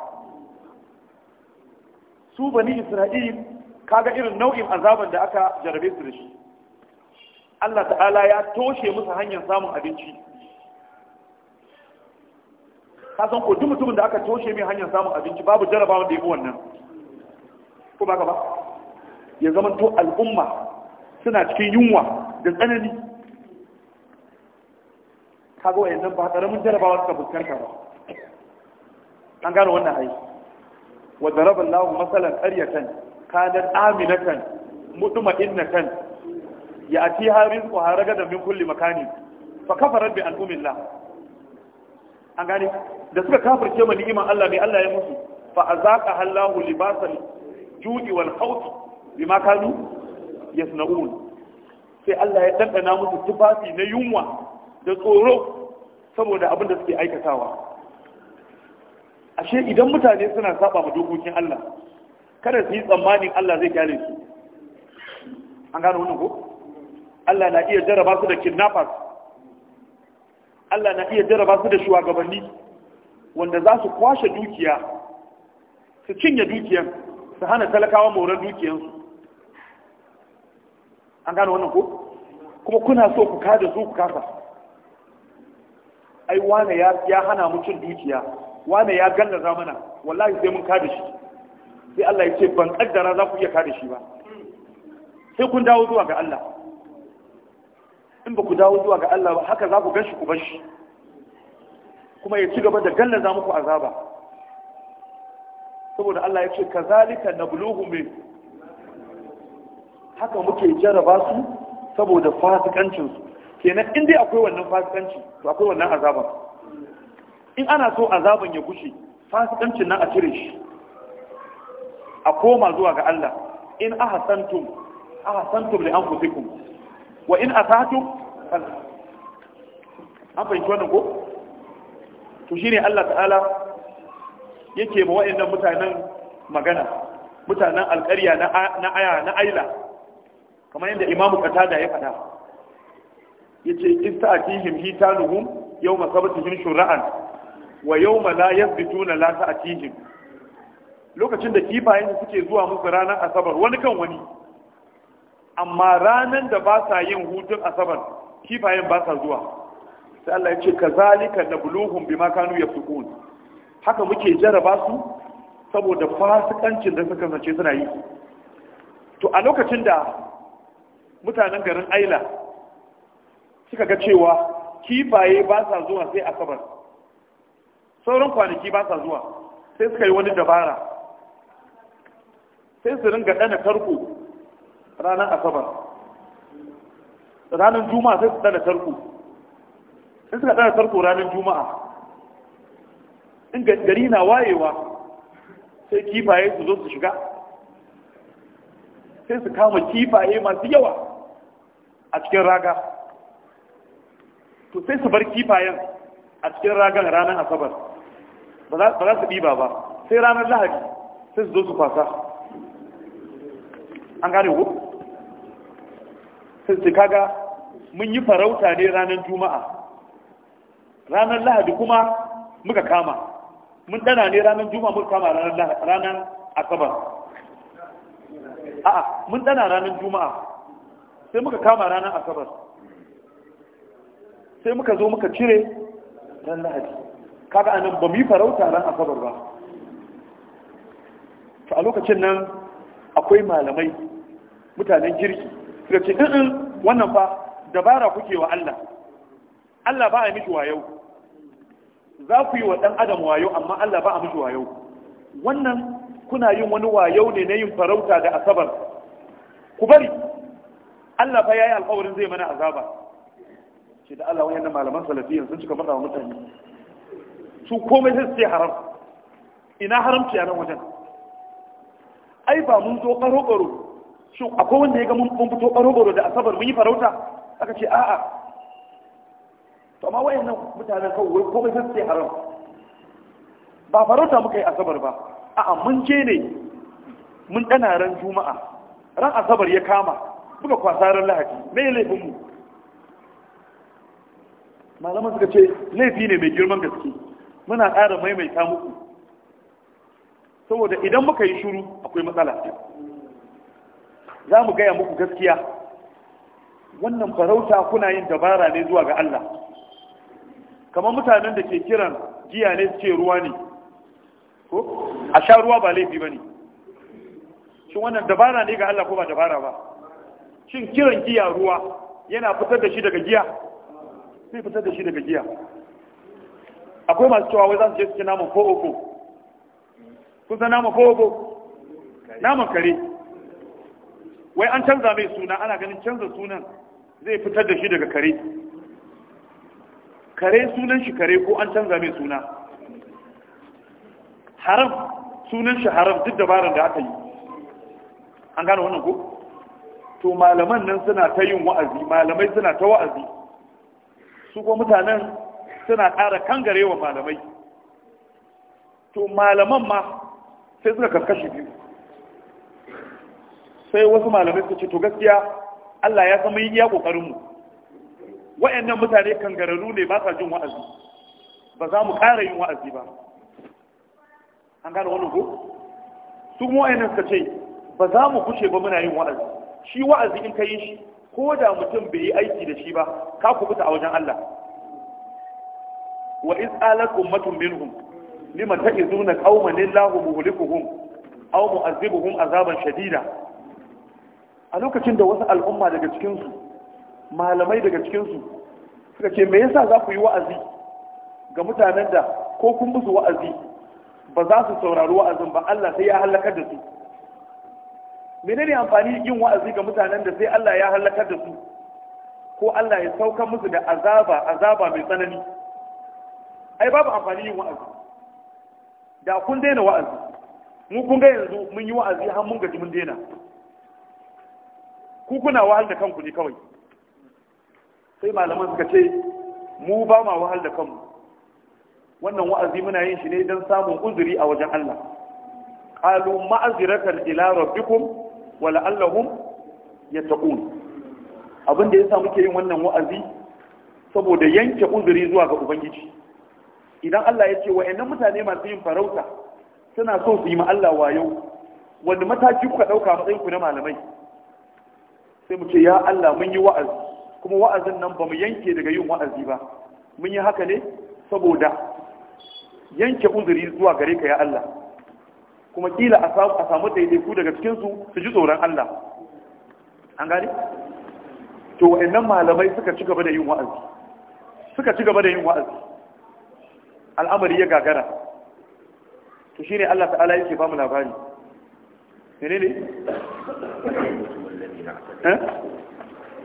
su bani Isra'il kaga irin nau'in azaban da aka jarabe su da shi Allah ta'ala ya toshe musu hanyar samun abinci ka san ko duk mutumin da aka toshe mai hanyar samun abinci babu jaraba da yabi wannan ko ba ka ba ya zama to al'umma suna cikin yunwa da tsanani kaga wayannan ba karamin jarabawar suka fuskanta ba an gano wannan ai wa daraba Allahu masalan qaryatan kanat aminatan mutma'innatan ya'tiha rizquha ragadan min kulli makani fa kafarat bi an'umillah an gane da suka kafirce ma ni'iman Allah mai Allah ya musu fa azaqa Allahu libasal ju'i wal khawf bima kanu yasna'un sai Allah ya dandana musu tufafi na yunwa da tsoro saboda abin da suke aikatawa ashe idan mutane suna saba ma dokokin Allah kada su yi tsammanin Allah zai gyare su an gano wannan ko Allah na iya jaraba su da kidnappers Allah na iya jaraba su da shugabanni wanda za su kwashe dukiya su cinye dukiyan su hana talakawa moran dukiyansu an gano wannan ko kuma kuna so ku kada su ku kasa ai wane ya hana mu cin dukiya wane ya gallaza zamana, wallahi sai mun kada shi sai Allah ya ce ban kaddara za ku iya kada shi ba sai kun dawo zuwa ga Allah in ba ku dawo zuwa ga Allah ba haka za ku ganshi ku bar shi kuma ya ci gaba da gallaza muku azaba saboda Allah ya ce kazalika nabluhu min haka muke jaraba su saboda fasikancin su kenan in dai akwai wannan fasikanci to akwai wannan azaban in ana so azaban ya gushe fasikancin nan a cire shi a koma zuwa ga Allah in ahsantum ahsantum li anfusikum wa in asatum an fahimci wannan ko to shine Allah ta'ala yake ma wayannan mutanen magana mutanen alƙarya na aya na aila kamar yadda imamu qatada ya faɗa yace atihim hitanuhum yawma sabatihim shur'an wa yawma la yathbituna la ta'tihim lokacin da kifayen suke zuwa musu ranar asabar wani kan wani amma ranar da ba sa yin hutun asabar kifayen ba sa zuwa sai Allah ya ce kazalika nabluhum bima kanu yafsukun haka muke jaraba su saboda fasikancin da suka kasance suna yi to a lokacin da mutanen garin Aila suka ga cewa kifaye ba sa zuwa sai asabar sauran kwanaki ba sa zuwa sai suka yi wani dabara sai su ringa ɗana tarko ranar asabar ranar juma'a sai su ɗana tarko sai suka ɗana tarko ranar juma'a in gari na wayewa sai kifaye su zo su shiga sai su kama kifaye masu yawa a cikin raga to sai su bar kifayen a cikin ragan ranar asabar ba za su ɗiba ba sai ranar lahadi sai su zo su kwasa an gane ku sai su kaga mun yi farauta ne ranar juma'a ranar lahadi kuma muka kama mun dana ne ranar juma'a muka kama ranar asabar a'a mun dana ranar juma'a sai muka kama ranar asabar sai muka zo muka cire ran lahadi kaga anan ba mu yi farauta ran asabar ba to a lokacin nan akwai malamai mutanen kirki suka ce ɗin wannan fa dabara kuke wa Allah Allah ba a miki wayo za ku yi wa ɗan adam wayo amma Allah ba a miki wayo wannan kuna yin wani wayo ne na yin farauta da asabar ku bari Allah fa ya yi alƙawarin zai mana azaba ce da Allah wayannan malaman salafiyan sun cika faɗa wa mutane su komai sai su haram ina haramci a nan wajen ai ba mun zo karo karo shi akwai wanda ya ga mun fito karo karo da asabar mun yi farauta aka ce a'a to amma wayannan mutanen kawai wai komai sai su haram ba farauta muka yi asabar ba a'a mun je ne mun dana ran juma'a ran asabar ya kama muka kwasa ran lahadi me laifin mu malaman suka ce laifi ne mai girman gaske muna ƙara maimaita muku saboda idan muka yi shuru akwai matsala za mu gaya muku gaskiya wannan farauta kuna yin dabara ne zuwa ga Allah kamar mutanen da ke kiran giya ne ce ruwa ne ko a sha ruwa ba laifi ba ne shin wannan dabara ne ga Allah ko ba dabara ba shin kiran giya ruwa yana fitar da shi daga giya sai fitar da shi daga giya akwai masu cewa wai za su je su ci naman ko oko kun san naman ko oko naman kare wai an canza mai suna ana ganin canza sunan zai fitar da shi daga kare kare sunan shi kare ko an canza mai suna haram sunan shi haram duk dabarar da aka yi an gane wannan ko to malaman nan suna ta yin wa'azi malamai suna ta wa'azi su ko mutanen suna ƙara wa malamai to malaman ma sai suka karkashi biyu sai wasu malamai suka ce to gaskiya Allah ya san mun iya kokarin mu wayannan mutane kangararru ne ba sa jin wa'azi ba za mu ƙara yin wa'azi ba an gane wani ko su kuma wayannan suka ce ba za mu kuce ba muna yin wa'azi shi wa'azi in ka yi shi ko da mutum bai yi aiki da shi ba ka kubuta a wajen Allah wa iz alat ummatun minhum liman ta'izuna qauman illahu muhlikuhum aw mu'azzibuhum azaban shadida a lokacin da wasu al'umma daga cikin su malamai daga cikin su suka ce me yasa za ku yi wa'azi ga mutanen da ko kun musu wa'azi ba za su saurari wa'azin ba Allah sai ya halakar da su Mene ne amfani yin wa'azi ga mutanen da sai Allah ya halakar da su ko Allah ya sauka musu da azaba azaba mai tsanani ai babu amfani yin wa'azi da kun daina wa'azi mu kun ga yanzu mun yi wa'azi har mun gaji mun daina ku kuna wahal da kanku ne kawai sai malaman suka ce mu ba ma wahal da kanmu wannan wa'azi muna yin shi ne don samun uzuri a wajen Allah qalu ma'aziratan ila rabbikum wa ya yattaqun abin da sa muke yin wannan wa'azi saboda yanke uzuri zuwa ga ubangiji idan Allah ya ce wa'annan mutane masu yin farauta suna so su yi ma Allah wayo wanda mataki kuka ɗauka matsayin ku na malamai sai mu ce ya Allah mun yi wa'azi kuma wa'azin nan ba mu yanke daga yin wa'azi ba mun yi haka ne saboda yanke uzuri zuwa gare ka ya Allah kuma kila a samu daidaiku daga cikinsu su ji tsoron Allah an gani? to wa'annan malamai suka ci gaba da yin wa'azi suka ci gaba da yin wa'azi al'amari ya gagara to shine Allah ta'ala yake ba mu labari menene eh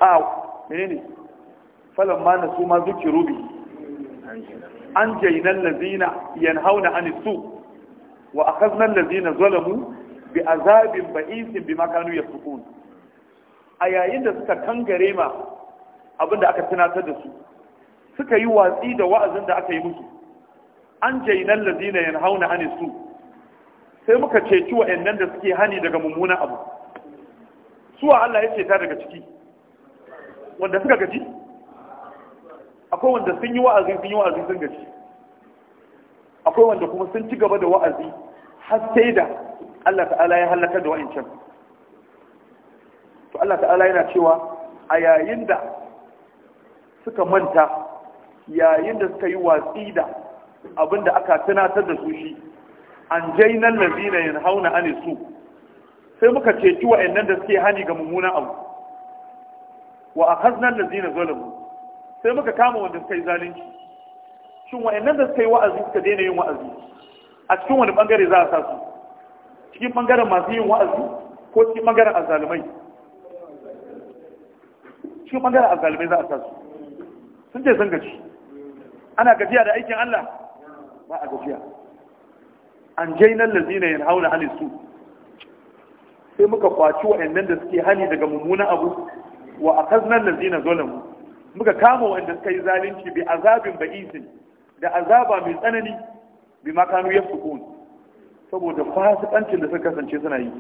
aw menene falamma nasu ma zukiru bi an jainan lazina yanhauna anis su' wa akhadna allazina zalamu bi azabin ba'isin bima kanu yasqun a yayin da suka kangare ma abinda aka tunatar da su suka yi watsi da wa'azin da aka yi musu an jainal ladina yanhauna an su sai muka ceci nan da suke hani daga mummunan abu suwa Allah ya ta daga ciki wanda suka gaji akwai wanda sun yi wa'azi sun yi wa'azi sun gaji akwai wanda kuma sun ci gaba da wa'azi har sai da Allah ta'ala ya halaka da wa'ancan to Allah ta'ala yana cewa a yayin da suka manta yayin da suka yi watsi da abinda aka tunatar da su shi an jainan lazina yin hauna ane su sai muka ceci wa'annan da suke hani ga mumuna abu wa a kaznan lazina zalimu sai muka kama wanda suka yi zalunci shin wayannan da suka yi wa'azi suka daina yin wa'azi a cikin wani bangare za a sa su cikin bangaren masu yin wa'azi ko cikin bangaren azalumai cikin bangaren azalumai za a sa su sun ce sun gaji ana gajiya da aikin Allah ba a gajiya an nan lazina yin hauna halin su sai muka kwaci wa'annan da suke hali daga mummunan abu wa a kaznan lazina zolamu muka kama wa'anda suka yi zalunci bi azabin izini da azaba mai tsanani bi makanu ya kun saboda fasikancin da suka kasance suna yi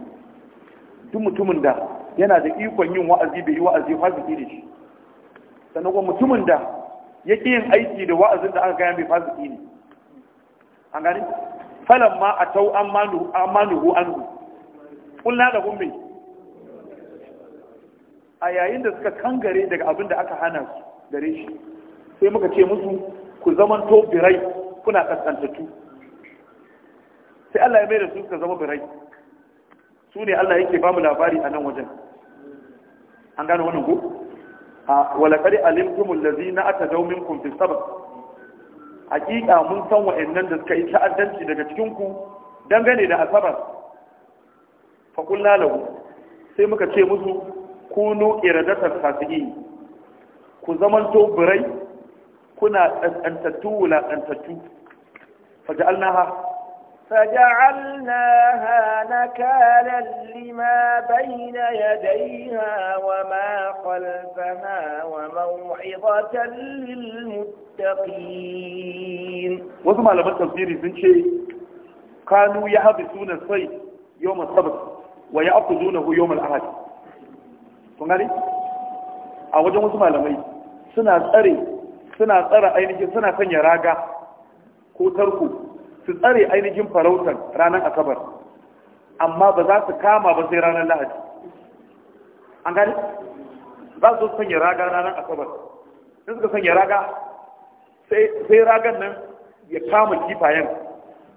duk mutumin da yana da ikon yin wa'azi bai yi wa'azi fasiki ne shi sannan kuma mutumin da ya ƙi yin aiki da wa'azin da aka gaya mai fasiki ne an gani falan ma a tau an manuhu an hu ƙulla da gumbi a yayin da suka kangare daga abin da aka hana su gare shi sai muka ce musu ku to birai kuna kaskantattu sai Allah ya mai da su ka zama birai su ne Allah yake ba mu labari a nan wajen an gano wannan ku? a walakari alimtumul lazina atadaw minkum fi sabr hakika mun san wa'annan da suka yi ta'addanci daga cikin ku dangane da asabar fa qulna lahu sai muka ce musu kunu iradatar fasiqi ku zamanto birai أن تتولى أن faja'alnaha فجعلناها فجعلناها نكالا لما بين يديها وما خلفها وموعظة للمتقين وثم على مثل تفسيري سنشي كانوا يحبسون الصيد يوم السبت ويأخذونه يوم الأحد kun gani a wajen wasu سنة أريد suna tsara ainihin suna sanya raga ko tarko su tsare ainihin farautan ranar asabar amma ba za su kama ba sai ranar lahadi an gani za su sanya raga ranar asabar in suka sanya raga sai ragan nan ya kama kifayen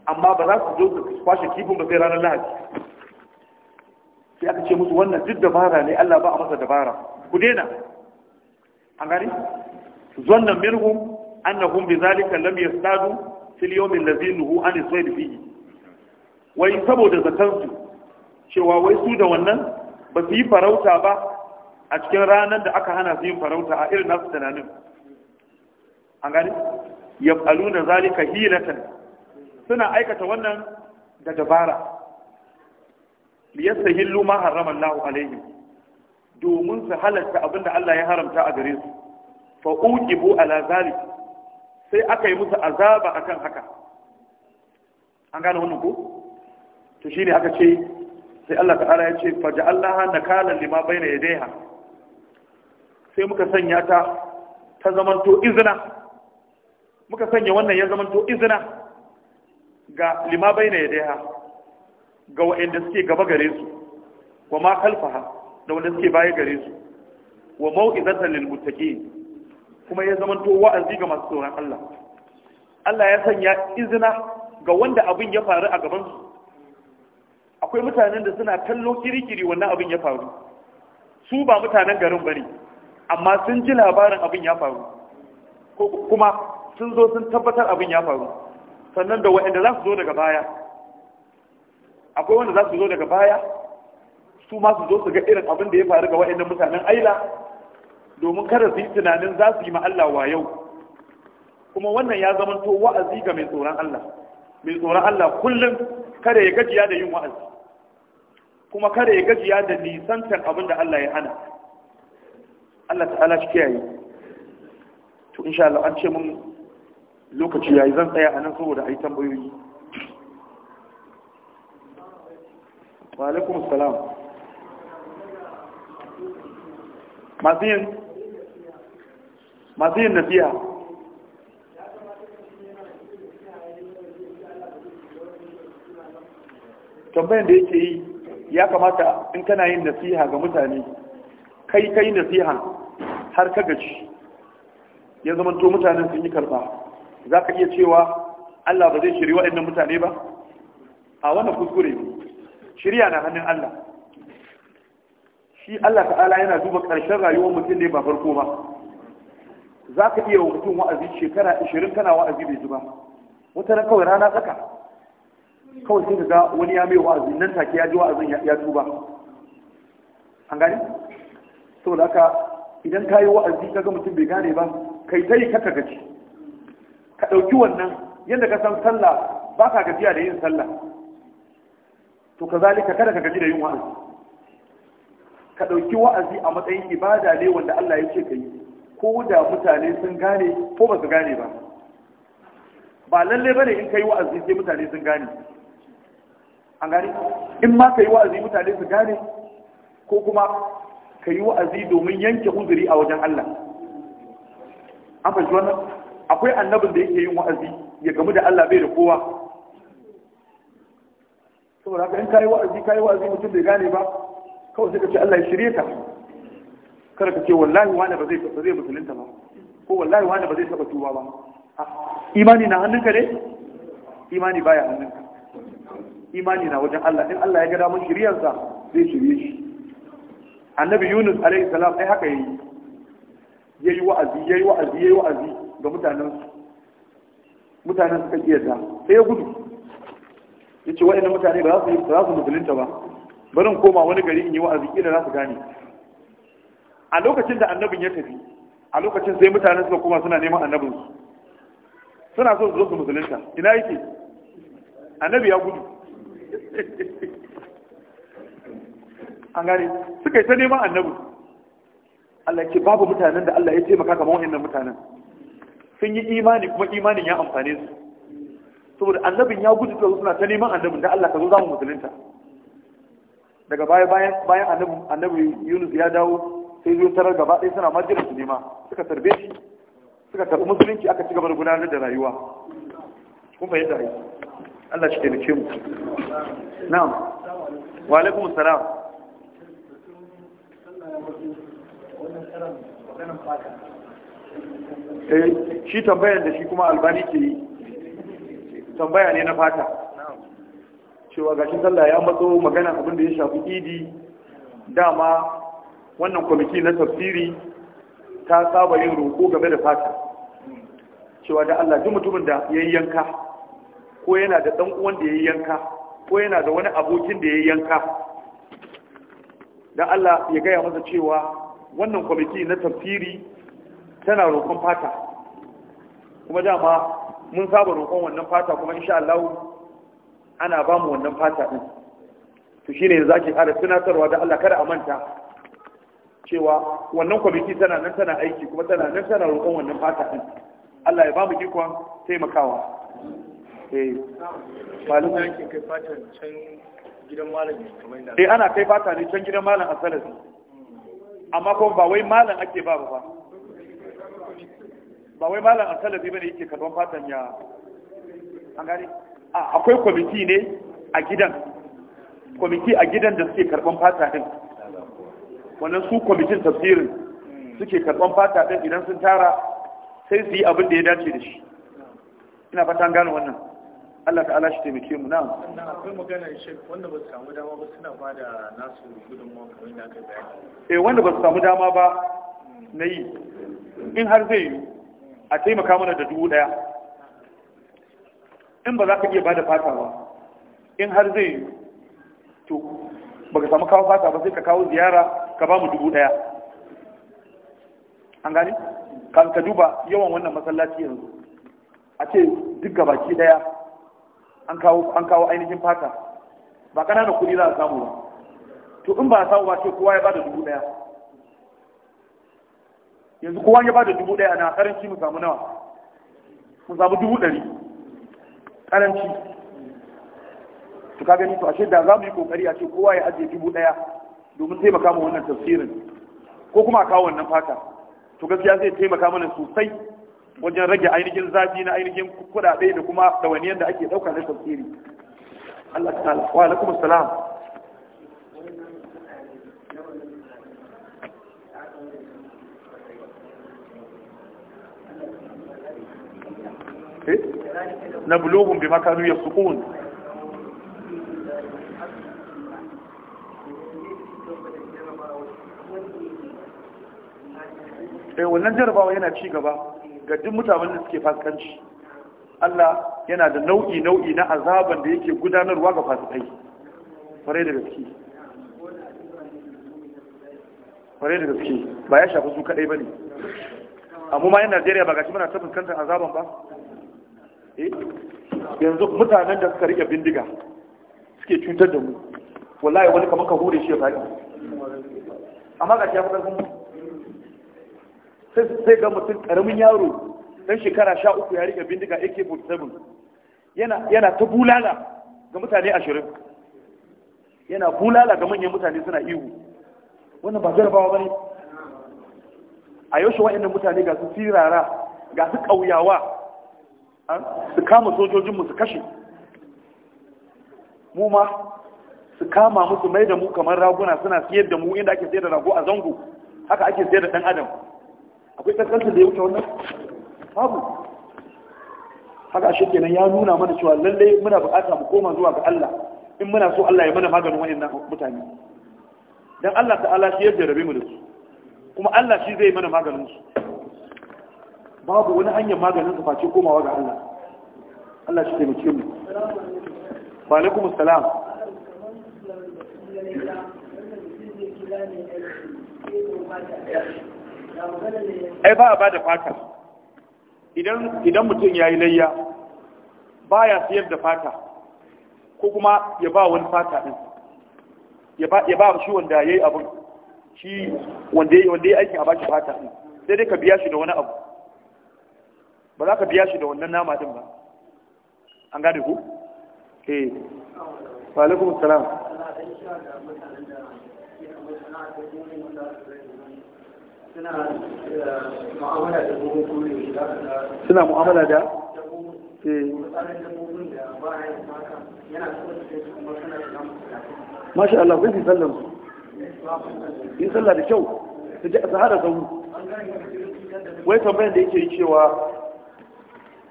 amma ba za su zo su kwashe kifin ba sai ranar lahadi sai aka ce musu wannan duk dabara ne Allah ba a masa dabara ku daina an gani zanna minhum annahum bizalika lam yastadu fil yawmin allazi nuhu an iswaid fihi wai saboda zakansu cewa wai su da wannan ba su yi farauta ba a cikin ranar da aka hana su yin farauta a irin nasu tunanin an gani yaf'aluna zalika hilatan suna aikata wannan da dabara liyastahillu ma harrama Allahu alaihim domin su halarta abin da Allah ya haramta a gare su fa uqibu ala zalik sai aka yi musu azaba akan haka an gane wannan ko to shine aka ce sai Allah ta'ala ya ce fa na nakalan lima bayna yadayha sai muka sanya ta ta zamanto izina muka sanya wannan ya zamanto izina ga lima bayna yadayha ga wa'anda suke gaba gare su wa ma kalfaha da wanda suke baya gare su wa mau'izatan lil muttaqin kuma ya zamanto wa'azi ga masu tsoron Allah Allah ya sanya izina ga wanda abin ya faru a gaban su akwai mutanen da suna kallo kirikiri wannan abin ya faru su ba mutanen garin bari, amma sun ji labarin abin ya faru kuma sun zo sun tabbatar abin ya faru sannan da waɗanda za su zo daga baya akwai wanda za su zo daga baya su ma su zo su ga irin abin da ya faru ga waɗannan mutanen aila domin kada su yi tunanin za su yi ma Allah yau. kuma wannan ya zama to wa'azi ga mai tsoron Allah mai tsoron Allah kullum kada ya gajiya da yin wa'azi kuma kada ya gajiya da nisantar abin da Allah ya hana Allah ta'ala shi kiyaye to insha Allah an ce mun lokaci yayi zan tsaya a nan saboda yi tambayoyi wa alaikum salam masu yin masu yin nasiha tambayan da yake yi ya kamata in kana yin nasiha ga mutane kai kai nasiha har ka gaji ya to mutanen sun yi karba za ka iya cewa Allah ba zai shiri ɗannan mutane ba a wannan kuskure shirya na hannun Allah shi Allah ta'ala yana duba ƙarshen rayuwar mutum ne ba farko ba za ka iya wa mutum wa'azi shekara ishirin kana wa'azi bai zuba. ba wata ran kawai rana tsaka kawai sai ka ga wani ya mai wa'azi nan take ya ji wa'azin ya tuba an gani saboda haka idan ka yi wa'azi ka ga mutum bai gane ba kai ta yi ka gaji ka ɗauki wannan yadda ka san sallah ba ka gajiya da yin sallah to ka zalika kada ka gaji da yin wa'azi ka ɗauki wa'azi a matsayin ibada ne wanda Allah ya ce ka yi ko da mutane sun gane ko ba su gane ba ba lalle bane in kai wa'azi sai mutane sun gane an gane in ma kai wa'azi mutane su gane ko kuma kai wa'azi domin yanke uzuri a wajen Allah an fahimci wannan akwai annabin da yake yin wa'azi ya gamu da Allah bai da kowa saboda haka in kai wa'azi kai wa'azi mutum bai gane ba kawai sai ka ce Allah ya shirye ka Kar ka ce wallahi wani ba zai ba zai musulunta ba ko wallahi wani ba zai taba tuba ba imani na hannunka ne imani baya hannunka imani na wajen Allah in Allah ya ga damar shiriyarsa zai shirye shi annabi Yunus alaihi salam ai haka yayi yayi wa'azi yayi wa'azi yayi wa'azi ga mutanen su mutanen suka kiyata sai ya gudu Ya ce wa'annan mutane ba za su musulunta ba bari koma wani gari in yi wa'azi kila za su gane a lokacin da annabin ya tafi a lokacin sai mutane suka kuma suna neman annabin su suna so su zo su musulunta ina yake annabi ya gudu an gane suka yi ta neman annabi Allah ce babu mutanen da Allah ya taimaka kamar wa'annan mutanen sun yi imani kuma imanin ya amfane su saboda annabin ya gudu ta suna ta neman annabin da Allah ka zo za mu musulunta daga baya bayan annabin Yunus ya dawo sai zai tarar gaba ɗaya suna majiyar su nema suka tarbe shi suka tarbi musulunci aka ci gaba da gudanar da rayuwa kun fahimta ai Allah shi taimake mu na'am wa alaikum salam eh shi tambayar da shi kuma albani ke yi tambaya ne na fata cewa gashin sallah ya matso magana abin da ya shafi idi dama wannan kwamiti na tafsiri ta saba yin roƙo game da fata cewa da Allah duk mutumin da ya yanka ko yana da ɗan uwan da ya yanka ko yana da wani abokin da ya yanka da Allah ya gaya masa cewa wannan kwamiti na tafsiri tana roƙon fata kuma dama mun saba roƙon wannan fata kuma insha Allah ana ba mu wannan fata din to shine yanzu ake ƙara tunatarwa da Allah kada a manta cewa wannan kwamiti tana nan tana aiki kuma tana nan tana roƙon wannan fata ɗin Allah ya ba mu ikon taimakawa eh eh ana kai fata ne can gidan malam asalafi amma kuma ba wai malam ake ba ba ba wai malam asalafi bane yake karban fatan ya an gane akwai kwamiti ne a gidan kwamiti a gidan da suke karban fata ɗin wannan su kwamitin tafsirin suke karɓan fata ɗin idan sun tara sai su yi abin da ya dace da shi ina fata gano wannan Allah ta'ala shi taimake mu na akwai magana shi wanda ba su samu dama ba suna ba da nasu kamar yadda aka eh wanda ba su samu dama ba na yi in har zai yi a taimaka mana da dubu ɗaya in ba za ka iya ba da fata ba in har zai yi to ka samu kawo fata ba sai ka kawo ziyara ka ba mu dubu ɗaya an gani kan ka duba yawan wannan masallaci yanzu a ce duk gabaki ɗaya an kawo an kawo ainihin fata ba ƙananan kuɗi za a samu ba to in ba a samu ba ce kowa ya ba da dubu ɗaya yanzu kowa ya ba da dubu ɗaya na karanci mu samu nawa mu samu dubu ɗari karanci to ka gani to ashe da za mu yi kokari a ce kowa ya ajiye dubu ɗaya domin taimaka ma wannan tafsirin ko kuma a kawo wannan fata to gaskiya zai taimaka mana sosai wajen rage ainihin zafi na ainihin kudade da kuma dawaniyar da ake dauka na tafsiri Allah ta'ala wa alaikum assalam eh? na bulughum bima kanu yasqun eh wannan jarabawa yana ci gaba ga duk mutanen da suke fasikanci Allah yana da nau'i nau'i na azaban da yake gudanarwa ga fasikai fare da gaske fare da gaske ba ya shafi su kadai bane amma ma yan Najeriya ba gashi muna ta fuskantar azaban ba eh yanzu mutanen da suka rike bindiga suke cutar da mu wallahi wani kamar ka hure shi ya faɗi amma ga ya fi ƙarfin mu sai ga mutum karamin yaro dan shekara sha uku ya rike bindiga ak-47 yana ta bulala ga mutane ashirin yana bulala ga manyan mutane suna ihu wannan ba jarabawa ba ne a yaushe wa'annan mutane ga su sirara ga su ƙauyawa ah, su kama sojojinmu su kashe mu ma su kama musu mai da mu kamar raguna suna siyar da mu inda ake siyar da rago a zango haka ake siyar da ɗan adam akwai kaskancin da ya wuce wannan babu haka shi kenan ya nuna mana cewa lallai muna bukata mu koma zuwa ga Allah in muna so Allah ya mana maganin wayannan mutane dan Allah ta'ala shi yadda jarabe mu da su kuma Allah shi zai mana maganin su babu wani hanyar maganin su face komawa ga Allah Allah shi taimake mu wa alaikum assalam Yeah. ai ba a ba da fata idan mutum ya yi layya ba ya siyar da fata ko kuma ya ba wani fata ɗin ya ba shi wanda ya yi abin shi wanda ya aiki a ba shi fata ɗin sai dai ka biya shi da wani abu ba za ka biya shi da wannan nama ɗin ba an gane ku? ke eh. wa alaikum salam Eh, suna mu'amala da eh. Masha Allah, kun fi sallar su. Yi sallar da kyau, su ji a sahara zaune. Wai tambayar da yake cewa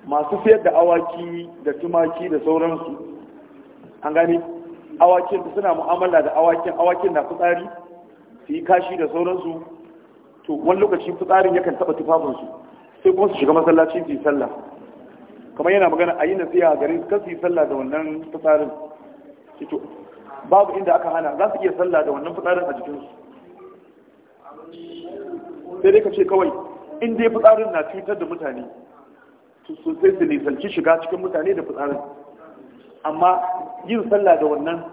masu siyar da awaki da tumaki da sauransu, an gani awakin suna mu'amala da awakin, awakin na fitsari, su yi kashi da sauransu, to wani lokaci fitsarin yakan taba tufafinsu sai kuma su shiga masallaci su yi sallah kamar yana magana a yi nasiha a garin kan su yi sallah da wannan fitsarin to babu inda aka hana za su iya sallah da wannan fitsarin a jikinsu sai dai ka ce kawai in dai fitsarin na cutar da mutane sosai su nisanci shiga cikin mutane da fitsarin amma yin sallah da wannan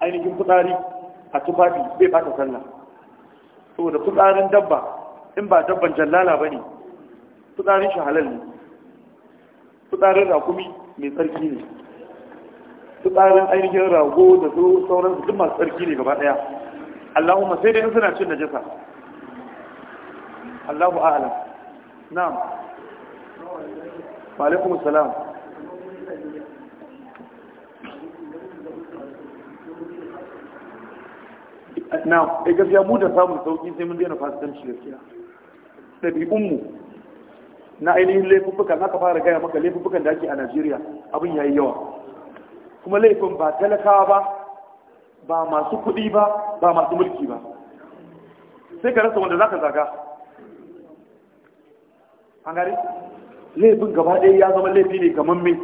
ainihin fitsari a tufafi bai fata sallah saboda tsarin dabba in ba dabban jallala ba ne fitsarin shi halal ne tsarin rakumi mai tsarki ne tsarin ainihin rago da sauran su duk masu tsarki ne gaba daya allahumma sai dai in suna cin najasa allahu a'lam na'am wa alaikum na eh gaskiya mu da samun sauƙi sai mun daina fasikanci gaskiya ɗabi'un mu na ainihin laifuffukan ka fara gaya maka laifuffukan da ake a Najeriya abin ya yi yawa kuma laifin ba talakawa ba ba masu kuɗi ba ba masu mulki ba sai ka rasa wanda za ka zaga an gari laifin gaba ɗaya ya zama laifi ne kamar mai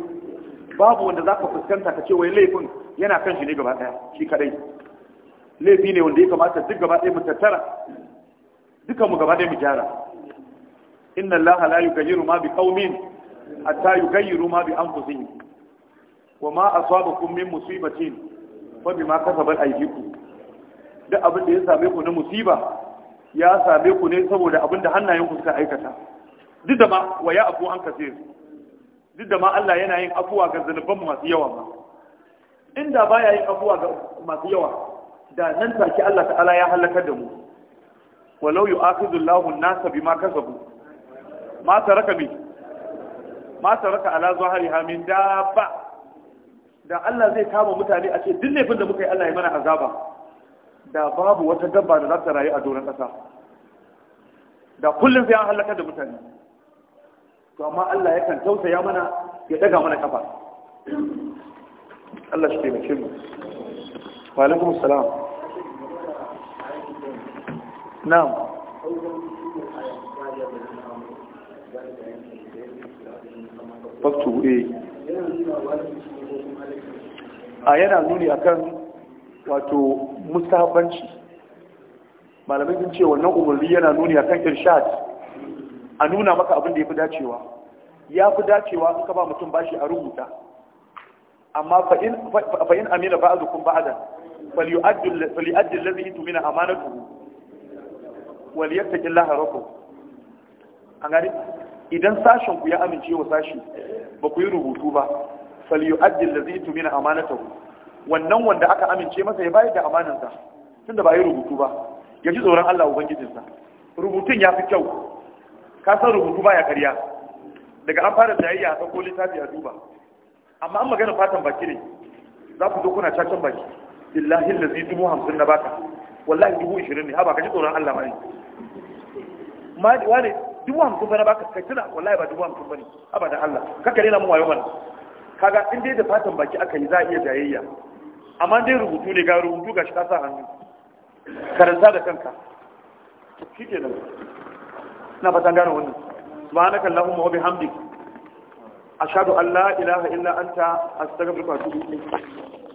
babu wanda za ka fuskanta ka ce wai laifin yana kan shi ne gaba ɗaya shi kaɗai. laifi ne wanda ya kamata duk gaba ɗaya mu tattara dukan mu gaba ɗaya mu gyara inna allaha la yughayyiru ma bi qaumin hatta yughayyiru ma bi anfusihim wa ma asabakum min musibatin fa bima kasabat aydikum duk abin da ya same ku na musiba ya same ku ne saboda abin da hannayenku suka aikata duk da ma wa ya afu an kasir duk da ma Allah yana yin afuwa ga zanuban masu yawa ma inda baya yin afuwa ga masu yawa da nan take Allah ta'ala ya halaka da mu walau yu'akhidhu Allahu an-nasa bima kasabu ma taraka mi ma taraka ala zahriha min dabba da Allah zai kama mutane a ce duk laifin da muka yi Allah ya mana azaba da babu wata dabba da za ta rayu a doron ƙasa da kullum sai an halaka da mutane to amma Allah ya kan tausaya mana ya daga mana kafa Allah shi taimake mu wa alaikum salam na'am faktu eh. a yana nuni akan wato mustahabbanci malamai sun ce wannan umarni yana nuni akan irshad a nuna maka abin da ya fi dacewa ya fi dacewa in ba mutum bashi a rubuta amma fa'in amina ba'azukum ba'adan falyu'addu falyu'addu allazi tumina amanatuhu waliyattaqi Allah rabbuh an gani idan sashen ku ya amince wa sashi ba ku yi rubutu ba falyu'addi allazi tumina amanatahu wannan wanda aka amince masa ya bayar da amanansa tunda ba yi rubutu ba ya ji tsoron Allah ubangijinsa rubutun ya fi kyau ka san rubutu ya karya. daga an fara jayayya a ɗauko littafi a duba amma an magana fatan baki ne za ku zo kuna cacan baki billahi allazi dubu hamsin na baka wallahi dubu ishirin ne haba ka tsoron Allah bane ma wani dubu hamsin bane baka kai tuna wallahi ba dubu hamsin bane haba da Allah kakka rena mun wayo mana kaga in dai da fatan baki aka yi za a iya jayayya amma dai rubutu ne ga rubutu ga shi ka sa hannu karanta da kanka shi ke nan na fatan gane wannan subhanaka allahumma wa bihamdik ashhadu an la ilaha illa anta astaghfiruka wa atubu ilayk